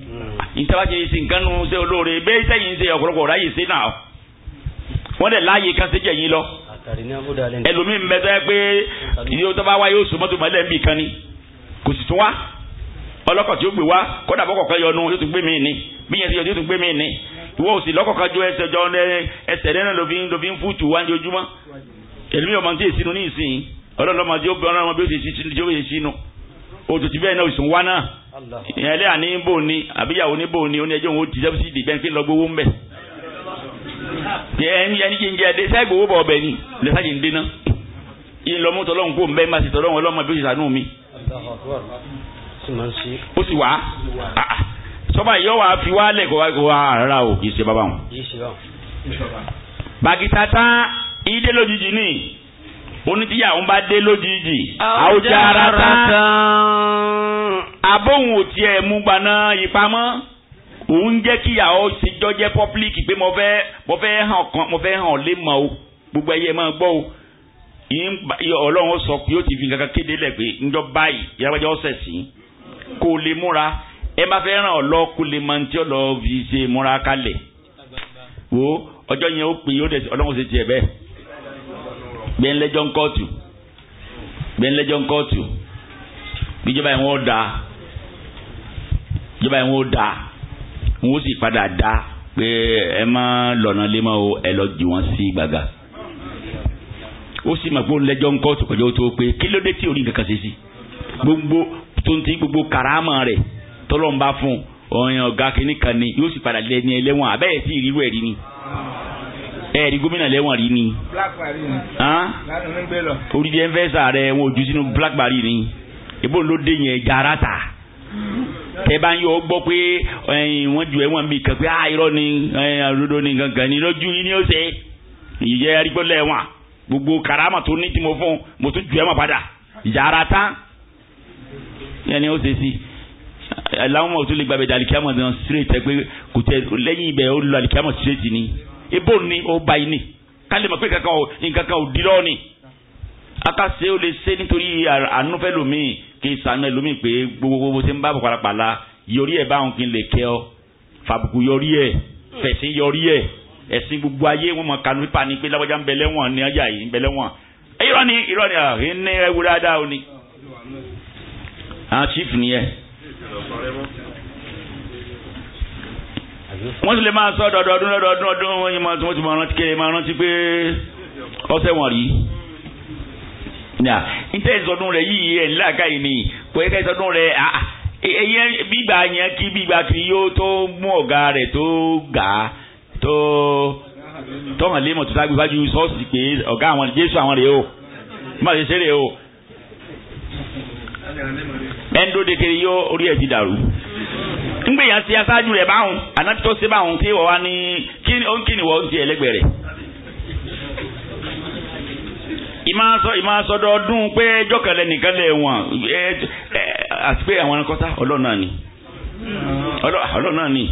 ìtàbàjẹ́ yìí sì ń kánú ṣe olóore bẹ́ẹ̀ sẹ́yìn ṣe ọ̀pọ̀lọpọ̀ ọ̀rá yìí ṣe náà wọ́n dẹ̀ láàyè kan ṣe jẹ̀yìn lọ. ẹlòmíín mẹ́tọ́ pé yóò tọ́ bá wá yóò sùn mọ́tò mọ́lẹ̀ ń bì kan ni kò sì tún wá ọlọ́kọ̀ tí ó gbé wá kọ́dà bọ́kọ̀ kan yọnu yóò tún gbé mi ní bí yẹn ti yọ yóò tún gbé mi ní ìwọ òsì lọ́kọ̀ kan jó ẹsẹ̀ jọ ẹsẹ̀ rẹ̀ náà ló wá ní ojúmọ́ ọmọ tí èsì ní ìsìn ọlọ́run ọmọ tí ó bẹ ọlọ́run ọmọ bí ó ti ṣe sínú ó ti bẹ́ẹ̀ náà òsùn wá náà ìyẹn ẹlẹ́yà ní bò ní àbíyàwó ní bò ní oníjẹ́ òun ó ti sẹ́fúsì dì bẹ́ẹ̀ pé lọ gbowó ń bẹ̀. ẹni ẹni kí n jẹ ẹdẹ sẹ́ẹ̀ gbowó bọ̀ ọbẹ̀ ni lẹ́sàgì ń dínà ìlọmú tọlọ́hún kó ń máa sì tọlọ́hún ọlọ́mọ bí ó sì mi. ó sì wá ah, ah. sọ́ba yìí wàá fi wálẹ̀ kó wá rárá o kì í ṣe bàbá wọn. bàgìtàtà ilé lójijì ni onídìyàwó bá dé lójijì àwùjọ ara tán. abóhùn ò tiẹ̀ mú gbaná ìpamọ́ òun jẹ́ kí ìyàwó ṣe jọ́jẹ́ pé mo fẹ́ hàn kan mo fẹ́ hàn lé mọ́ o gbogbo ẹyẹ máa gbọ́ o ọlọ́run sọ pé ti fi kankan kéde ọ̀sẹ̀ sí o ràn ọ́ lọ kó lè máa ti lọ fi ṣe múra kalẹ̀ wo ọjọ́ yẹn ó pè é dẹ̀ ọlọ́run ṣe tiẹ̀ bẹ́ẹ̀ ìjọba yẹn wọ́n da wọ́n sì padà da pé ẹ má lọ́nà lémọ́ o ẹ lọ jù wọ́n sí gbàgà ó sì mọ̀ pé ó lẹ́jọ́ ń kọ́ tó kọjọ́ tó pé kí tí orí kankan ṣe sí gbogbo tó gbogbo karama rẹ̀ tọ́lọ́ ń bá fún ọ̀yàn ọ̀gá kìíní kan ni yóò sì padà lẹ́ni ẹlẹ́wọ̀n àbẹ́yẹ sí ìrírú ẹ̀ ni ẹ̀rí gómìnà lẹ́wọ̀n rí ni orí di ẹ̀ńfẹ́sà rẹ̀ wọn ò ju sínú blackberry ni ìbò ló dé yẹn gara tẹ bá ń yọ gbọ́ pé wọ́n ju ẹ̀wọ̀n mi kan pé a ah, irọ́ ni rodo ni gangan ni lójú yìí ni ó ṣe ìyẹ́ arígbọ́lẹ̀ wọn gbogbo karama tó ní tí mo fún mo tún ju ẹ̀wọ̀n padà yàrá tán yẹn ni ó ṣe sí làwọn ọmọ tó lè gbàgbé alikiamọ náà straight ẹ pé kò tẹ lẹ́yìn ibẹ̀ ó lọ alikiamọ straight ni ebo ni ó ba yìí ni kálí mọ̀ pé kankan ò nǹkan kan ò dirọ́ ni akásẹ́ ó lè ṣe nítorí ànúfẹ́ lòmíì kí sanu ẹlòmíì pé gbogbogbò ṣe ń bá bọ̀kọ̀lá pàlà yọrí ẹ̀ báwọn kí n lè kẹ́ ọ fàbùkù yọrí ẹ̀ fẹ̀sìn yọrí ẹ̀ ẹ̀sìn gbogbo ayé wọn mọ kanu pípa ni pé lágbájá ń bẹ̀lẹ̀ wọn ní ọjà yìí ń bẹ̀lẹ̀ wọn. irọ́ ni irọ́ ni ẹ̀ ní ẹwù dáadáa o ni. àwọn chief nìyẹn. wọ́n sì lè máa sọ dọ̀dọ̀ọdún dọ̀dọ̀ọdún ọdún wọn ti máa rántí pé ọ̀sẹ̀ wọn rí na níta ìsọdún rẹ yìí ẹ̀ ńláka yìí ni kò yẹ ká ìsọdún rẹ ẹyẹ bíbà yẹn kí bíbà kí yóò tó mú ọ̀gá rẹ̀ tó gà tó tọ́hàn lémọ̀ tó ságbé fájú sọ́ọ̀sì pé ọ̀gá àwọn Jésù àwọn rèé o má ṣe ṣeré o ẹnudó de kiri yóò orí ẹ̀ ti dàrú ńgbìyànjú aṣáájú rẹ̀ báwọn anábìtọ́ sí báwọn kí wọ́n wá ní kí ni wọ́n ń ti ẹlẹ́gbẹ̀ẹ́ ìmáàsọ ìmáàsọdọọdún pé ẹjọ́ kẹlẹ́ nìkan lẹ̀ wọ̀n àti pé àwọn ẹranko sá ọlọ́ọ̀nà ni ọlọ́ọ̀nà ni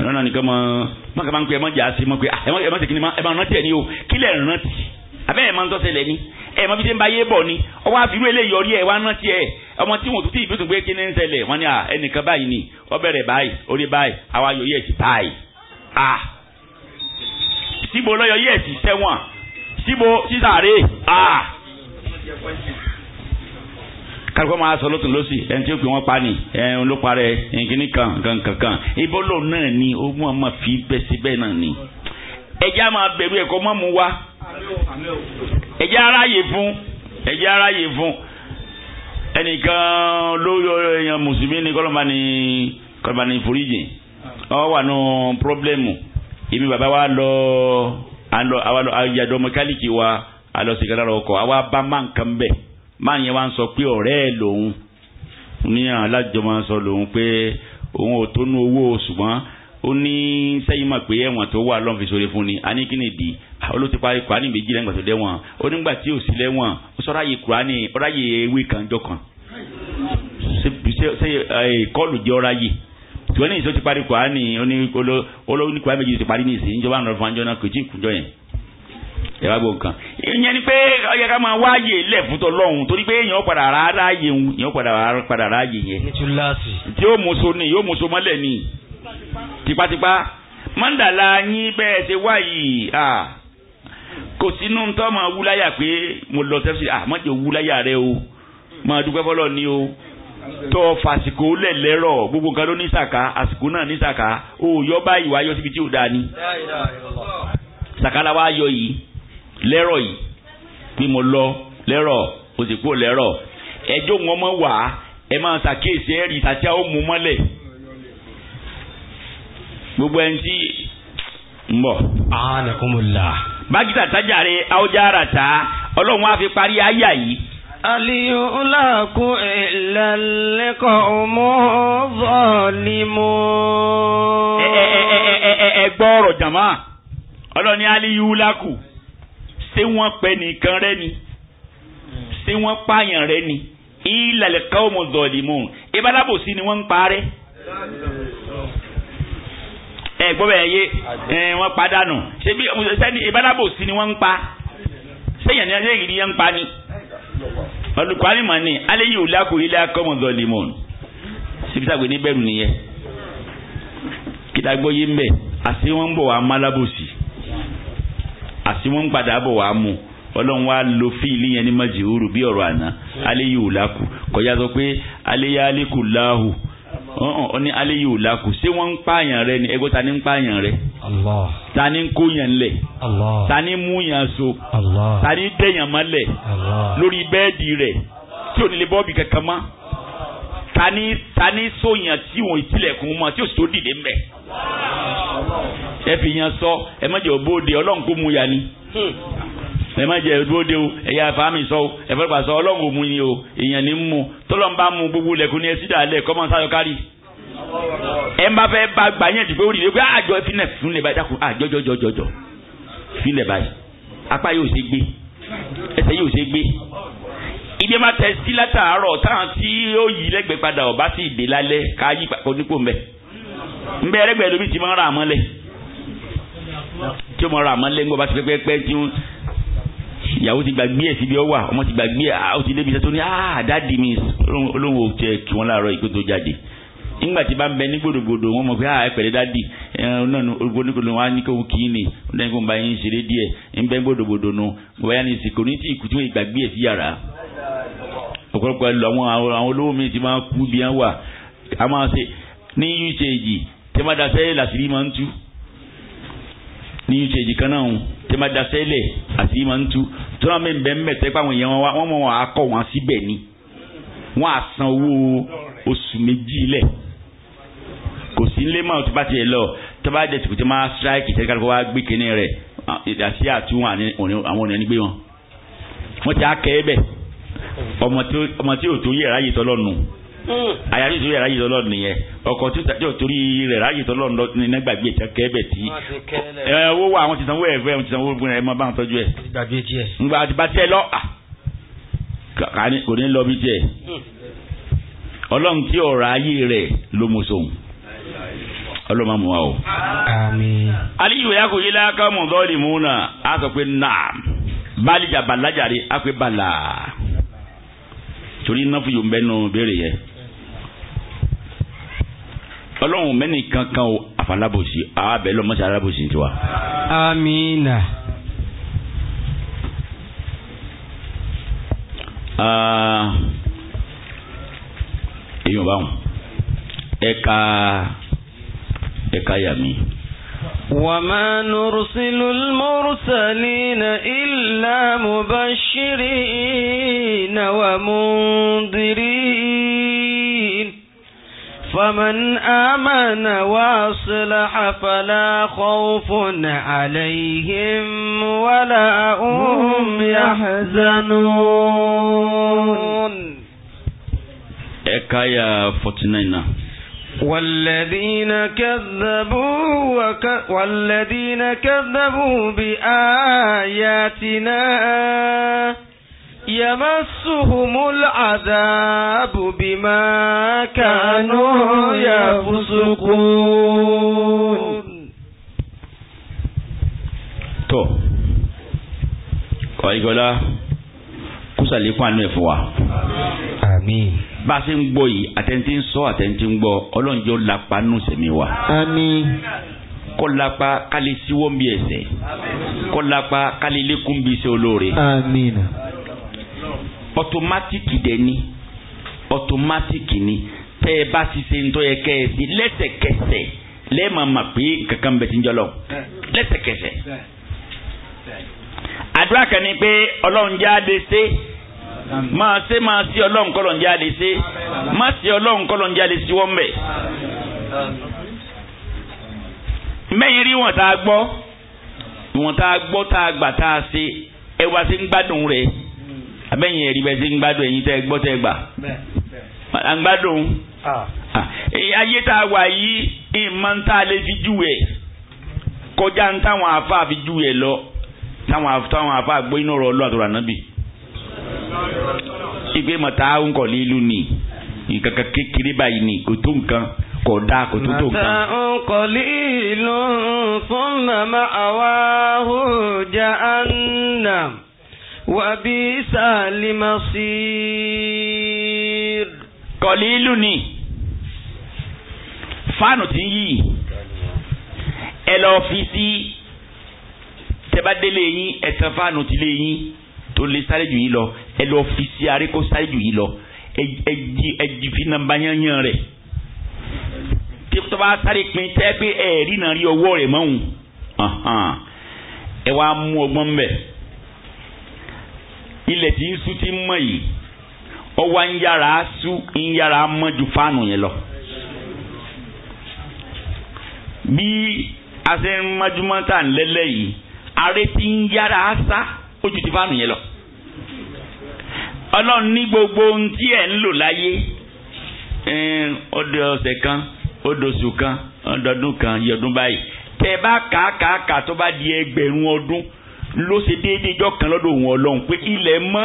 ọlọ́ọ̀nà ni kọ́mọ mọ̀kà máa ń pè ẹ mọ̀ jà sí mọ̀ pé ah, ẹ mọ̀ ni ẹ mọ̀ rántí ẹ ní o kílẹ̀ rántí abẹ́ ẹ máa ń tọ́sẹ̀lẹ̀ ni ẹ mọ̀ bí ṣe ń bá yé bọ̀ ni ọwọ́ àfihàn eléyìí ọrí ẹ wá rántí ẹ ọmọ tí wọn tún ti ìbí tún pé kí ni ń ṣẹlẹ̀ wọn ni ah, ẹnìkan báyìí ni ó bẹ̀rẹ̀ báyìí orí báyìí àwa yóò yẹ̀ sí báyìí ah síbo lọ́yọ̀ yẹ̀ sí sẹ́wọ̀n síbo sísàárè a. kálukọ́ máa sọ lótò lọ́sì ẹni tí ó pè wọ́n pa ni ẹni ló parẹ́ ẹni kan kan kan kan ibo lòun náà ni ogún ọmọ fi bẹ́ síbẹ̀ náà ni. ẹja máa bẹ̀rù ẹ̀kọ́ mọ́ mu wá ẹja aráyè fún ẹja aráyè fún ẹnìkan lórí èèyàn mùsùlùmí ni kọ́lọ́mà ni kọ́lọ́mà ni foríjì ọ wà nù pírọ́blẹ́mù èmi bàbá wa lọ alọ awalọ ayadọmọ kálíkì wa alo ọkọ àwa bá má nǹkan bẹ má yẹn wá ń sọ pé ọ̀rẹ́ ẹ lòun ní alájọ máa ń sọ lòun pé òun ò tó nu owó ṣùgbọ́n ó ní sẹ́yìn mà pé ẹ̀wọ̀n tó wà lọ́n fi sóre fún ni a ní kí ni eh, di olóòtú parí kùránì méjì lẹ́yìn gbàtọ́ dẹ́wọ̀n ó nígbà tí ò sí lẹ́wọ̀n ó sọ ráyè kùránì ó ráyè ewé kan jọ kan ṣe kọ́ọ̀lù jẹ́ ó ráyè tiwọn ní ìṣó ti parí Kùránì olórí Kùránì méjì ti parí ní ìsìn ìjọba àná fún anjọ́nà kò tí ì kúnjọ yẹn ẹ wá gbọ́ nǹkan. ìyẹn ni pé ó yẹ ká máa wáyè lẹ́fún tó lọ́hùn torí pé èèyàn padà rárá yé ń èèyàn padà rárá yé yẹn. tí yóò mú ni yóò mú so mọ́lẹ̀ ni tipatipa mọ́ndàlá yín bẹ́ẹ̀ ṣe wá yìí kò sínú tọ́ máa wúláyà pé mo lọ sẹ́fì àmọ́jọ wúláyà rẹ o máa dúpẹ́ fọlọ́ ni o tó fàsìkò lẹ̀ lẹ́rọ̀ gbogbo nǹkan ló ní sàká àsìkò náà ní sàká ó yọ báyìí wá yọ síbi tí ò dáa ni. sàká la wá yọ yìí lẹ́rọ̀ yìí pé mo lọ lẹ́rọ̀ o sì kúrò lẹ́rọ̀ ẹjọ́ wọn mọ̀ wá ẹ máa ṣàkíyèsí ẹ̀rí tàtí àwọn mú mọ́lẹ̀ gbogbo ẹni tí ń bọ̀. anakumula. bákítà tájà rẹ àwòjá ara ta ọlọ́run á fi parí àyà yìí اليهلاك إلا القوم الظالمون ẹgbọ́ ọ̀rọ̀ jàmá ọlọ́ni aliyulaku ṣé wọ́n pẹ nìkan rẹ ni ṣé wọ́n pààyàn rẹ ni ìlàlẹ̀ káwọ́mù zọ̀lìmù ìbálàbòsí ni wọ́n ń parẹ́ ẹ gbọ́ bẹ́ẹ̀ yé wọ́n pa dànù ṣé bí ìbálàbòsí ni wọ́n ń pa ṣé yẹn ni wọ́n ń pa ni alukwani mani ale yi wòle ako ilé akọmọdọ limon sikita gbé níbẹ̀rù nìyẹn kita gbọ́ yé mbẹ àti wọn bọ̀ wá malabosi àti wọn padà bọ̀ wá mu ọlọ́run wa lo fíìlì yẹn ní majihuru bí ọ̀rọ̀ àná ale yi wòle ako kọjá sọ pé ale yà aleku lahu ọ ní ale yi wòle ako ṣé wọ́n ń pààyàn rẹ ni ẹgbẹ́ta ní ń pààyàn rẹ tani ń kó yàn lẹ̀ tani mú yàn so tani dẹ̀yàn lori lórí bẹ́ẹ̀dì rẹ̀ tí ò ní lè bọ́ọ̀bì kankan mọ́ tani tani so yàn tí wọn ìtìlẹ̀kùn mọ́ tí ò sì tó dìde mbẹ̀ ẹ fi yàn sọ ẹ má jẹ́ òbóde ọlọ́run kó mu yà ni ẹ má jẹ́ òbóde o ẹ yà fàámi sọ o ẹ fẹ́ pàṣẹ ọlọ́run ò mu ni o èèyàn ní mu tọ́lọ́mbà mu gbogbo lẹ́kùn ní ẹ sídà lẹ̀ kọ́mọ́sáyọ kárì ẹ má fẹ́ bá gbà yẹn dùgbò rí i pé àjọ ìfilẹ̀ fúnlẹ̀ báyìí dákun àjọ ah, jọjọ jọjọ filẹ̀ báyìí apá yóò ṣe gbé ẹsẹ̀ yóò ṣe gbé ìdí máa tẹ sí látàárọ̀ táwọn tí ó yí lẹ́gbẹ̀ẹ́ padà ọ̀bá sì dé lálẹ́ ká yí onípò mbẹ́ mbẹ́ ẹlẹ́gbẹ̀ẹ́ lómi ti máa ra àmọ́lẹ̀ tí ó máa ra àmọ́lẹ̀ ńgbọ́ bá ti pẹ́pẹ́pẹ́ tí ó ìyàwó ti gbàgbé ẹ̀ síbi ọ wà ọmọ ti gbàgbé ẹ̀ ó ti débi iṣẹ́ tó ní àádáàdì ah, mi olóhùn ò tẹ kí wọ́n láàárọ̀ ìpè tó jáde nígbà tí bá ń bẹ ní gbòdògbòdò wọn mọ̀ pé àá ah, pẹ̀lẹ́ dádì onígbòdò wa ní kóhun kí ni wọn dẹ́ni kó ń bá yín ṣeré díẹ̀ ń bẹ gbòdògbòdò nu bóyá ní ìsìnkú ní tí ìkùtù ìgbàgbé ẹ̀ sí yàrá. ọ̀pọ̀lọpọ̀ ẹlò àwọn olówó mi ti máa kú bí wọ́n wà a máa ṣe ní usage tí làṣírí máa ń tú ní usage kan náà tí wọ́n máa ń tú tó wọ́n á san owó oṣù méjì lẹ̀ kò sí nílé mọ́ tó bá tiẹ̀ lọ tó bá dẹ̀ tìkùtì máa strike tẹ́lifà kó wá gbé kinní rẹ̀ ìdásí àtún àwọn ọ̀nà nígbé wọn. wọ́n ti á kẹ́ bẹ̀ ọmọ tí ò tó yẹ ráyè tọ́lọ́nù àyà tí ò tó yẹ ráyè tọ́lọ́nù nìyẹn ọkọ̀ tí ò torí rẹ̀ ráyè tọ́lọ́nù ní gbàgbé ìtàn kẹ́ bẹ̀ tí owó wa àwọn ti sanwó ẹ̀fẹ́ àwọn ti sanwó ẹ̀fẹ́ ẹ̀ máa bá wọn tọ́jú ẹ̀. ìgbà tí bá tiẹ̀ lọ kò ní lọ hmm. tí ọ̀rọ̀ ọlọ́mọ mọ́ o. aliyu ya kò yílá ká mọ̀ dọ́ọ̀lì mú náà a sọ pé náà balijà balajàre a pé bala torí náà fún yòó mbẹ́nu béèrè yẹ. ọlọ́run mẹ́ni kankan o àfàlábòsí àbẹ̀ lọ́mọ́sí alábòsí tiwa. amiina. èèyàn báwọn ẹ̀ka. Uh, ẹ̀ka وما نرسل المرسلين إلا مبشرين ومنذرين فمن آمن وأصلح فلا خوف عليهم ولا هم يحزنون. Ekaya إيه 49 والذين كذبوا وك والذين كذبوا بآياتنا يمسهم العذاب بما كانوا يفسقون تو قايغولا كوسالي فانو فوا امين bá a ṣe ń gbọ́ yìí àtẹ̀ntì ń sọ àtẹ̀ntì ń gbọ́ ọlọ́njọ́ lápá nù sẹ̀mí wa. àmín. kọ́lápá kálí síwọ́ mi ẹ̀sẹ̀ kọ́lápá kálí lékún bí iṣẹ́ olóore. àmín. ọ̀tọ̀mátìkì dẹ́ni ọ̀tọ̀mátìkì ni tẹ́ ẹ bá ti ṣe ń tọ́ yẹ kẹ́ lẹ́sẹ̀kẹsẹ̀ lẹ́ẹ̀ma mà pé kankan bẹ̀ ti ń jọ lẹ́sẹ̀kẹsẹ̀. àdúrà kan ni pé ọlọ́run jáde ṣe máa ṣe máa ṣe ọlọ́run kọ́lọ̀ ń jẹ́ àlè ṣe má ṣe ọlọ́run kọ́lọ̀ ń jẹ́ àlè ṣe wọ́n bẹ̀. mẹ́yìn rí wọn tá a gbọ́ wọn tá a gbọ́ tá a gbà tá a ṣe ẹ wá sí ń gbádùn rẹ̀ abẹ́yìn ẹ̀rí bẹ́ẹ̀ sí ń gbádùn ẹ̀yìn tẹ́ gbọ́ tẹ́ gbà à ń gbádùn ah. ayé tá a wà yìí ìmọ̀ ń tá a lè fi júwe kọjá ń táwọn afá fi júwe lọ táwọn afá gbóyún ọ̀rọ̀ ọlọ́ àtọ̀rọ̀ ànábì ìgbé mọ̀tá ń kọ̀ lílu ni nǹkan kan kékeré báyìí ni kò tó nǹkan kò dáa kò tó tó nǹkan. màtá ń kọ̀ lílu fúnna máa wá hùjà ànà wàbí sàlìmọ́sí. kọ̀ lílu ni fáànù tí ń yí ẹ lọ fi sí tẹ́bá yín ẹ̀sán fáànù tí yín tó lè sáré jù yín lọ ẹ lọ fi sí arékó ṣáìdù yìí lọ ẹ jí fi nàmbá yányán rẹ̀ tó bá sáré pin tẹ́ pé ẹ rí nàrí ọwọ́ rẹ̀ mọ́hùn ẹ wá mú ọgbọ́n mbẹ̀ ilẹ̀ tí ń sú ti ń mọ̀ yìí ọwọ́ ń yára sú ń yára mọ́ ju fáànù yẹn lọ. bí asẹ́nmájúmọ́ta ń lẹ́lẹ́ yìí aré ti ń yára sá ó ti fáànù yẹn lọ ọlọ́run ní gbogbo ohun tí ẹ̀ ń lò láyé ọdọ ọ̀sẹ̀ kan ọdọ oṣù kan ọdọọdún kan yọdún báyìí tẹ bá kàákàákà tó bá di ẹgbẹ̀rún ọdún ló ṣe déédéé ijọ́ kan lọ́dọ̀ òun ọlọ́run pé ilẹ̀ mọ́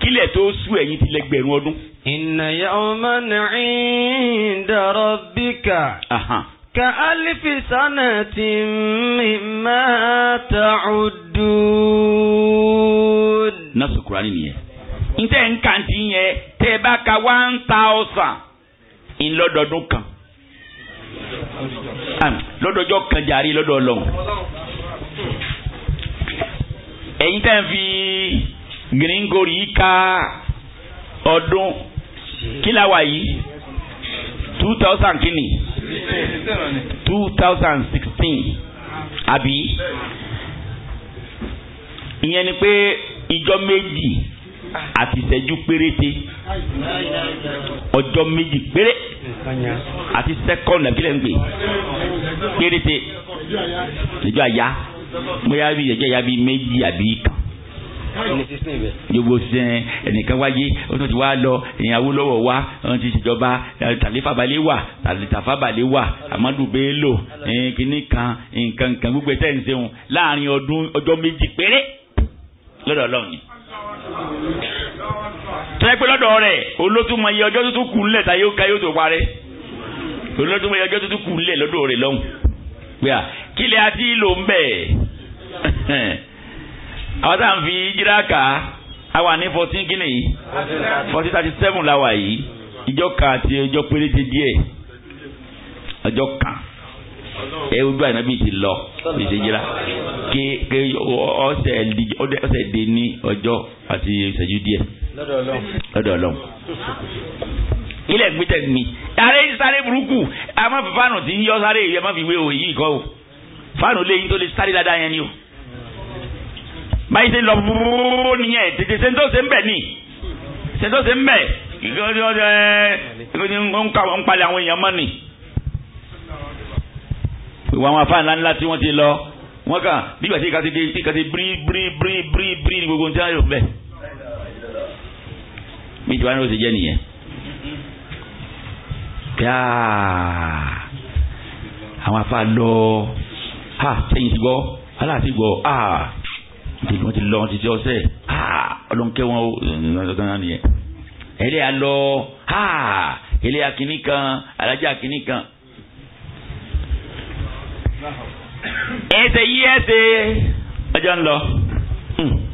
kílẹ̀ tó sú ẹ̀yìn ti lẹ́gbẹ̀rún ọdún. inna yawman 'inda rabbika ka alifi sanatin mimma ta'uddun. násù kúránì nìyẹn ntẹ́ nǹkan ti yẹn tẹ́ bá ka one thousand ńlọ́dọọdún kan lọ́dọọjọ́ kan jàre lọ́dọ̀ ọlọ́run ẹ̀yin tẹ́ ń fi gíríngòrì yìí ka ọdún kí la yìí two thousand kìíní two thousand sixteen àbí ìyẹn ni pé ìjọ méjì àti ìṣẹ́jú péréte ọjọ́ méjì péré àti sẹ́kọ̀ndì àbílẹ̀ ń gbé péréte ìjọ àyà bóyá bí ìjọ àyà bí méjì àbí kan gbogbo sẹ́n ẹnìkan wáyé ó tún ti wá lọ ìyàwó lọ́wọ́ wa wọ́n ti ṣèjọba tàlífàbalẹ̀ wà tàlítàfàbalẹ̀ wà amadu bello kínní kan nǹkan nǹkan gbogbo ẹ̀ tẹ́ ń ṣeun láàrin ọdún ọjọ́ méjì péré lọ́dọ̀ ọlọ́run ni tọ́yẹ́ pé lọ́dọ̀ rẹ̀ olótùmọ̀ iye ọjọ́ tuntun kù ńlẹ̀ tá yóò ká yóò tó parẹ́ olótùmọ̀ iye ọjọ́ tuntun kù ńlẹ̀ lọ́dọ̀ rẹ̀ lọ́hùn gbéra kí àti ìlò ń bẹ̀ àwọn tá fi jíra kà á fourteen kí fourteen thirty seven la wà yìí ìjọ kan àti ìjọ péréte díẹ̀ ọjọ́ kan ẹ ojú ànábì ti lọ lè ṣe jira ké ké ọsẹ ọsẹ dé ní ọjọ́ àti ìṣẹ́jú díẹ̀ lọ́dọ̀ Ọlọ́run ilẹ̀ gbẹ́tẹ̀ mi ààrẹ sáré burúkú àmọ́ fáànù tí ń yọ sáré yẹ má fi wé òye yìí kọ́ o fáànù lẹ́yìn tó lè sáré dáadáa yẹn ni o báyìí ṣe lọ búrúrú nìyẹn tètè ṣe ń tó ṣe ń bẹ̀ ni ṣe ń tó ṣe ń bẹ̀ ìgbọ́dọ̀ ẹ̀ ń palẹ̀ àwọn èèyàn mọ́ ni ìwà àwọn afá ńlá ńlá tí wọ́n ti lọ wọ́n kà nígbà tí kàti dé tí kàti bírí bírí bírí bírí bírí ní gbogbo nǹkan yóò bẹ̀. mi ti wá ní o ti jẹ́ nìyẹn. àwọn afá lọ ha sẹ́yìn ti gbọ́ aláàtì gbọ́ ha wọ́n ti lọ wọ́n ti ti ọsẹ́ ha ọlọ́nkẹ́ wọn o nìyẹn. ẹlẹ́yà lọ ha ẹlẹ́yà kìnnìkan alájà kìnnìkan ẹsẹ̀ yí ẹsẹ̀ ọjọ́ ń lọ. Hmm.